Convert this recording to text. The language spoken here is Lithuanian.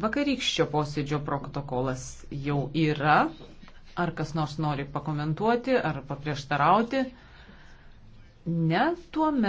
Vakarykščio posėdžio protokolas jau yra. Ar kas nors nori pakomentuoti ar paprieštarauti? Ne tuo metu.